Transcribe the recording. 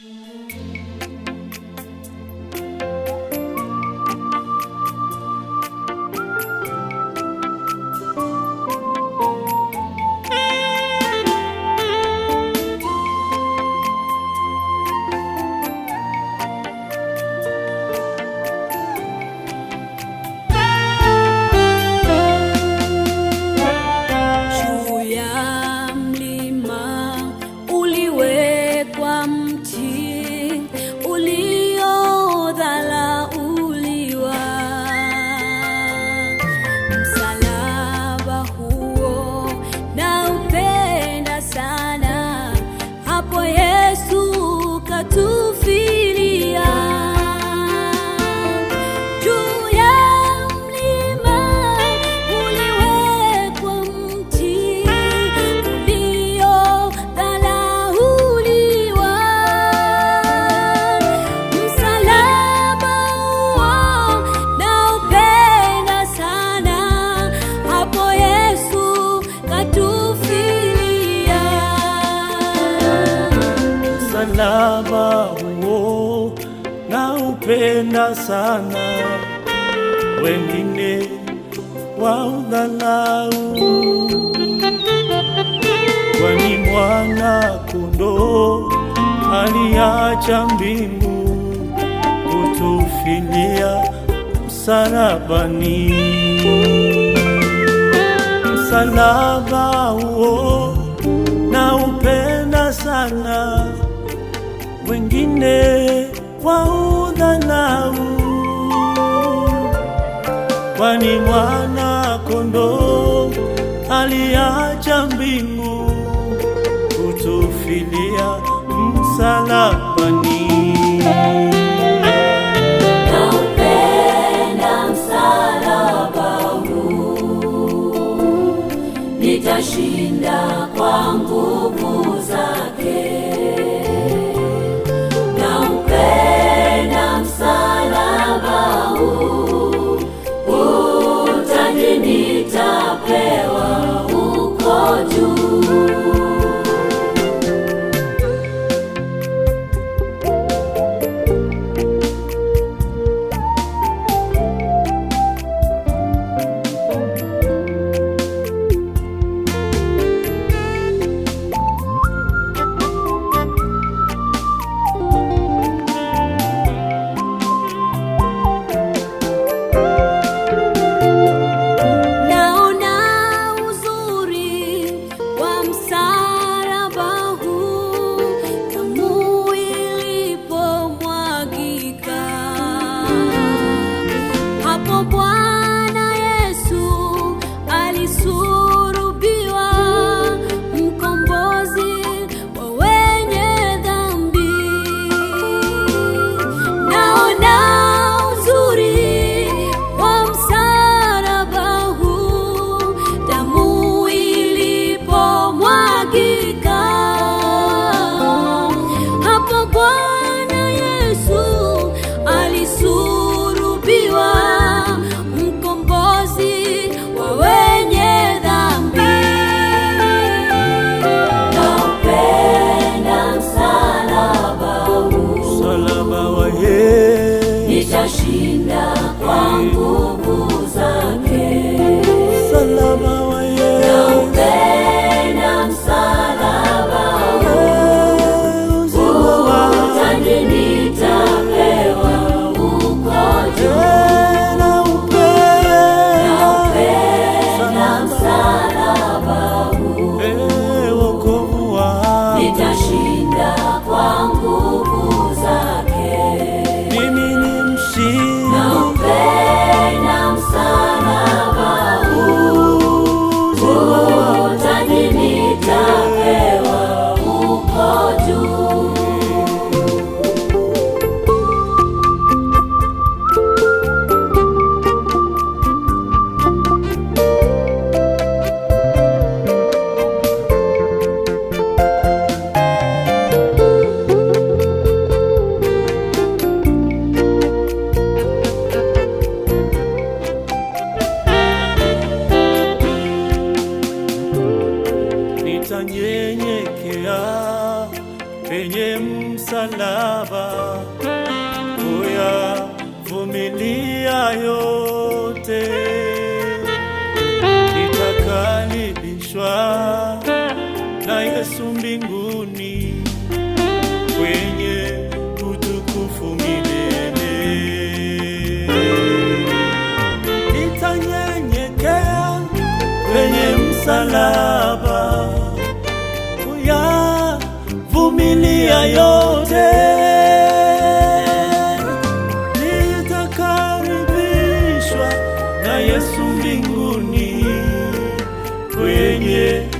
Música so msalaba huo oh, na upenda sana, wengine wa udhalau, kwani mwana kondoo aliacha mbingu kutufilia msalabani. Msalaba huo oh, na upenda sana wengine wa udhanau, kwani mwana kondoo aliacha mbingu utufili penye msalaba, kuyavumilia yote, nitakaribishwa na Yesu mbinguni. na yote nitakaribishwa na Yesu mbinguni kwenye